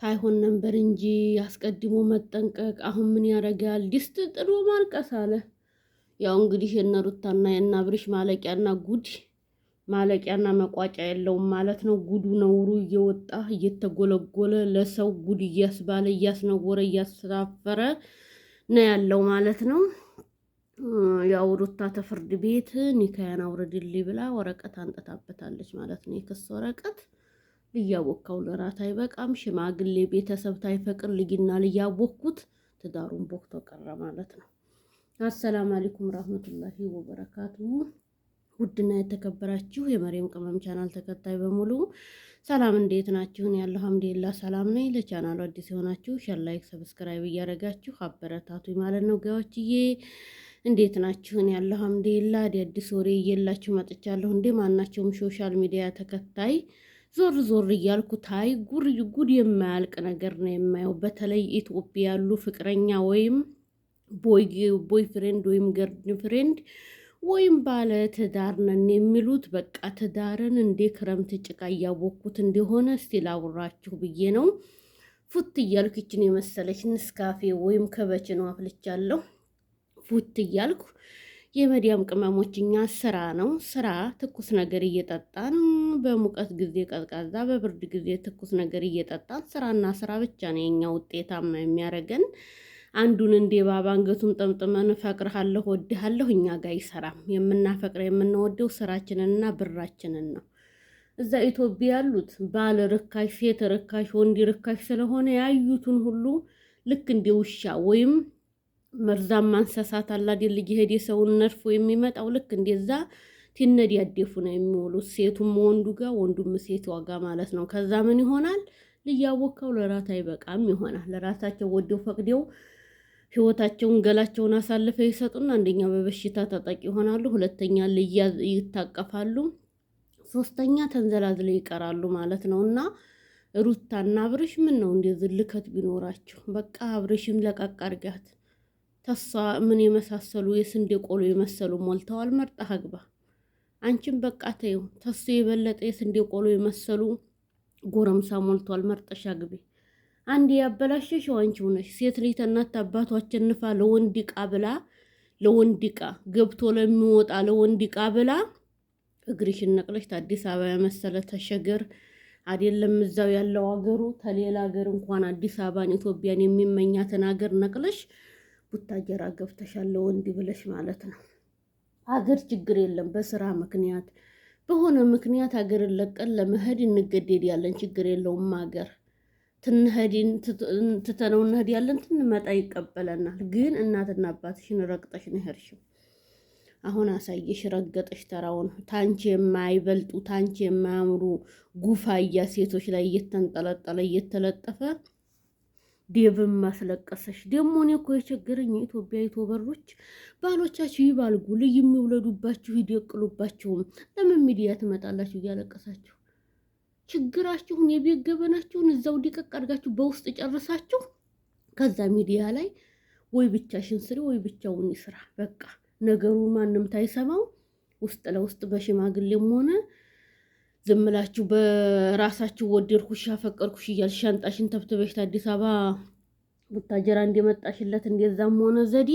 ታይሆን ነበር እንጂ አስቀድሞ መጠንቀቅ። አሁን ምን ያደርጋል? ድስት ጥዶ ማልቀስ አለ። ያው እንግዲህ የነ ሩታና የነ አብርሽ ማለቂያና ጉድ ማለቂያና መቋጫ የለውም ማለት ነው። ጉዱ ነውሩ እየወጣ እየተጎለጎለ ለሰው ጉድ እያስባለ እያስነወረ እያስራፈረ ነው ያለው ማለት ነው። ያው ሩታ ተፍርድ ቤት ኒካያን አውርድልኝ ብላ ወረቀት አንጠታበታለች ማለት ነው፣ የክስ ወረቀት ልያቦካው ለራት አይበቃም። ሽማግሌ ቤተሰብ ታይፈቅር ልጅና ልያቦኩት ትዳሩን ቦክቶ ቀረ ማለት ነው። አሰላም አለይኩም ረህመቱላሂ ወበረካቱ። ውድና የተከበራችሁ የመሪም ቅመም ቻናል ተከታይ በሙሉ ሰላም፣ እንዴት ናችሁ? ናችሁን? ያለው አምዴላ ሰላም ነኝ። ለቻናሉ አዲስ የሆናችሁ ሼር፣ ላይክ፣ ሰብስክራይብ እያደረጋችሁ አበረታቱ ማለት ነው። ጋዎችዬ እንዴት ናችሁን? ያለው አልሐምዱሊላህ አዲስ ወሬ እየላችሁ መጥቻለሁ። እንዴ ማናቸውም ሶሻል ሚዲያ ተከታይ ዞር ዞር እያልኩ ታይ ጉድ ጉድ የማያልቅ ነገር ነው የማየው። በተለይ ኢትዮጵያ ያሉ ፍቅረኛ ወይም ቦይ ፍሬንድ ወይም ገርድ ፍሬንድ ወይም ባለ ትዳር ነን የሚሉት በቃ ትዳርን እንዴ ክረምት ጭቃ እያወቅኩት እንደሆነ እስቲ ላውራችሁ ብዬ ነው። ፉት እያልኩ ይችን የመሰለች ንስካፌ ወይም ከበች ነው አፍልቻለሁ። ፉት እያልኩ የመዲያም ቅመሞች እኛ ስራ ነው ስራ፣ ትኩስ ነገር እየጠጣን በሙቀት ጊዜ ቀዝቃዛ፣ በብርድ ጊዜ ትኩስ ነገር እየጠጣን ስራና ስራ ብቻ ነው የኛ ውጤታማ የሚያደርገን። አንዱን እንደ እባብ አንገቱን ጠምጥመን ፈቅርሃለሁ፣ ወድሃለሁ እኛ ጋር አይሰራም። የምናፈቅረው የምንወደው ስራችንንና ብራችንን ነው። እዛ ኢትዮጵያ ያሉት ባል ርካሽ፣ ሴት ርካሽ፣ ወንድ ርካሽ ስለሆነ ያዩትን ሁሉ ልክ እንደ ውሻ ወይም መርዛማ እንስሳት ልጅ ሄድ የሰውን ነድፎ የሚመጣው ልክ እንደዛ ቲነድ ያደፉ ነው የሚውሉት። ሴቱም ወንዱ ጋር ወንዱም ሴት ዋጋ ማለት ነው። ከዛ ምን ይሆናል? ልያወካው ለራት አይበቃም ይሆናል። ለራሳቸው ወደው ፈቅደው ህይወታቸውን ገላቸውን አሳልፈው ይሰጡና አንደኛ በበሽታ ተጠቂ ይሆናሉ፣ ሁለተኛ ልያ ይታቀፋሉ፣ ሶስተኛ ተንዘላዝለው ይቀራሉ ማለት ነው እና ሩታና አብርሽ ምን ነው እንደዚህ ልከት ቢኖራቸው በቃ አብርሽም ለቀቅ አድርጋት። ተሷ ምን የመሳሰሉ የስንዴ ቆሎ የመሰሉ ሞልተዋል። መርጣ አግባ። አንቺም በቃ ተይው። ተሱ የበለጠ የስንዴ ቆሎ የመሰሉ ጎረምሳ ሞልተዋል። መርጠሽ አግቢ። አንድ ያበላሸሽው አንቺው ነሽ። ሴት ልጅ ተናት አባቷችን ንፋ ለወንድ ቃ ብላ ለወንድ ቃ ገብቶ ለሚወጣ ለወንድ ቃ ብላ እግርሽን ነቅለሽ አዲስ አበባ የመሰለ ተሸገር አይደለም እዛው ያለው አገሩ ተሌላ ሀገር እንኳን አዲስ አበባን ኢትዮጵያን የሚመኛትን ሀገር ነቅለሽ ቡታጀራ ገብተሻል ወንድ ብለሽ ማለት ነው። አገር ችግር የለም በስራ ምክንያት በሆነ ምክንያት አገርን ለቀን ለመሄድ እንገደድ ያለን ችግር የለውም። አገር ትንሄድን ትተነው እንሄድ ያለን ትንመጣ ይቀበለናል። ግን እናትና አባትሽን ረግጠሽ ነው የሄድሽው። አሁን አሳየሽ ረገጠሽ ተራውን ታንቺ የማይበልጡ ታንቺ የማያምሩ ጉፋያ ሴቶች ላይ እየተንጠለጠለ እየተለጠፈ ዴብም ማስለቀሰሽ ደግሞ እኔ እኮ የቸገረኝ የኢትዮጵያ ዩቱበሮች ባሎቻችሁ ይባልጉ ልዩ የሚውለዱባችሁ ይደቅሉባችሁም ለምን ሚዲያ ትመጣላችሁ እያለቀሳችሁ ችግራችሁን የቤት ገበናችሁን እዛው ዲቀቅ አድርጋችሁ በውስጥ ጨርሳችሁ ከዛ ሚዲያ ላይ ወይ ብቻሽን ስሪ ወይ ብቻውን ይስራ በቃ ነገሩ ማንም ታይሰማው ውስጥ ለውስጥ በሽማግሌም ሆነ ዝም በራሳችሁ ወደድኩሽ አፈቀርኩሽ እያልሽ ሻንጣሽን ተብትበሽ አዲስ አበባ ቡታጀራ እንደመጣሽለት እንደዛም ሆነ ዘዴ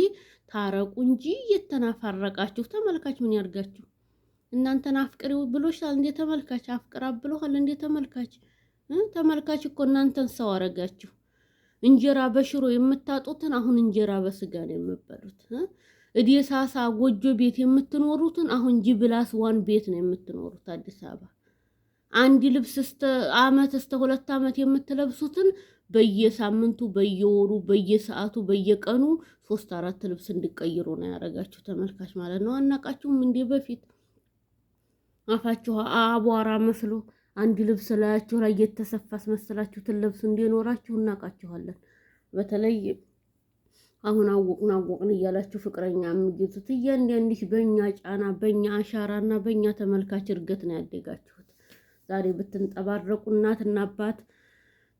ታረቁ እንጂ እየተናፋረቃችሁ ተመልካች ምን ያርጋችሁ? እናንተን አፍቅሪ ብሎሻል እንደ ተመልካች አፍቅራ ብሎሃል እንደ ተመልካች ተመልካች እኮ እናንተን ሰው አረጋችሁ። እንጀራ በሽሮ የምታጡትን አሁን እንጀራ በስጋ ነው የምበሉት። እዴሳሳ ጎጆ ቤት የምትኖሩትን አሁን ጅብላስ ዋን ቤት ነው የምትኖሩት አዲስ አበባ አንድ ልብስ እስከ አመት እስከ ሁለት አመት የምትለብሱትን በየሳምንቱ በየወሩ በየሰዓቱ በየቀኑ ሶስት አራት ልብስ እንዲቀይሩ ነው ያደረጋችሁ ተመልካች ማለት ነው። አናቃችሁም እንዴ? በፊት አፋችሁ አቧራ መስሎ አንድ ልብስ ላያችሁ ላይ የተሰፋ አስመስላችሁትን ልብስ እንዲኖራችሁ እናቃችኋለን። በተለይ አሁን አወቅን አወቅን እያላችሁ ፍቅረኛ የምትይዙት እያንዳንዲሽ በእኛ ጫና በእኛ አሻራ አሻራና በእኛ ተመልካች እርገት ነው ያደጋችሁ። ዛሬ ብትንጠባረቁ እናትና አባት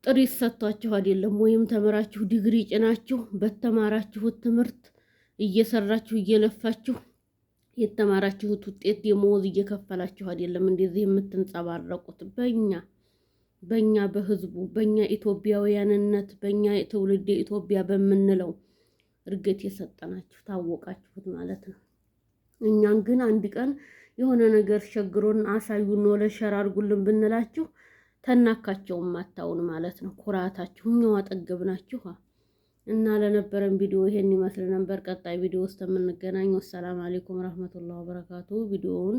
ጥሪት ይሰጥቷችሁ አይደለም ወይም ተምራችሁ ዲግሪ ጭናችሁ በተማራችሁት ትምህርት እየሰራችሁ እየለፋችሁ የተማራችሁት ውጤት የመወዝ እየከፈላችሁ አይደለም እንደዚህ የምትንጸባረቁት። በእኛ በእኛ በህዝቡ በእኛ ኢትዮጵያውያንነት በእኛ ትውልድ ኢትዮጵያ በምንለው እርገት የሰጠናችሁ ታወቃችሁት ማለት ነው። እኛን ግን አንድ ቀን የሆነ ነገር ቸግሮን አሳዩን ነው ሸር አድርጉልን ብንላችሁ ተናካቸውም አታውን ማለት ነው። ኩራታችሁ እኛው አጠገብ ናችሁ። እና ለነበረን ቪዲዮ ይሄን ይመስል ነበር። ቀጣይ ቪዲዮ ውስጥ የምንገናኝ። ወሰላም አሌይኩም ረህመቱላህ ወበረካቱ። ቪዲዮውን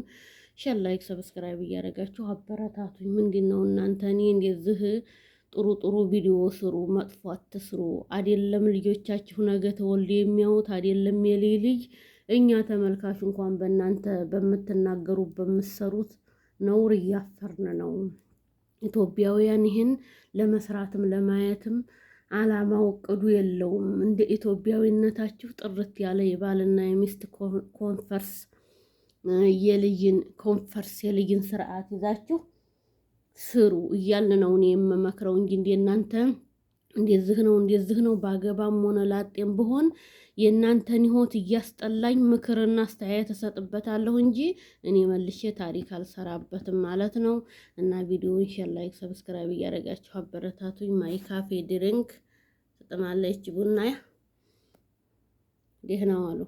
ሸር፣ ላይክ፣ ሰብስክራይብ እያደረጋችሁ አበረታቱኝ። ምንድን ነው እናንተ እኔ እንደዚህ ጥሩ ጥሩ ቪዲዮ ስሩ፣ መጥፎ አትስሩ። አይደለም ልጆቻችሁ ነገ ተወልዶ የሚያዩት አይደለም የሌ ልጅ እኛ ተመልካች እንኳን በእናንተ በምትናገሩ በምትሰሩት ነውር እያፈርን ነው። ኢትዮጵያውያን ይህን ለመስራትም ለማየትም አላማ ወቅዱ የለውም። እንደ ኢትዮጵያዊነታችሁ ጥርት ያለ የባልና የሚስት ኮንፈርስ የልይን ኮንፈርስ የልይን ስርዓት ይዛችሁ ስሩ እያልን ነው እኔ የምመክረው እንጂ እንደ እናንተ እንደዚህ ነው እንደዚህ ነው። ባገባም ሆነ ላጤም ብሆን የእናንተን ህይወት እያስጠላኝ ምክርና አስተያየት እሰጥበታለሁ እንጂ እኔ መልሼ ታሪክ አልሰራበትም ማለት ነው። እና ቪዲዮውን ሼር፣ ላይክ፣ ሰብስክራይብ እያደረጋችሁ አበረታቱኝ። ማይ ካፌ ድሪንክ ትጥማለች ቡና ደህና ዋሉ።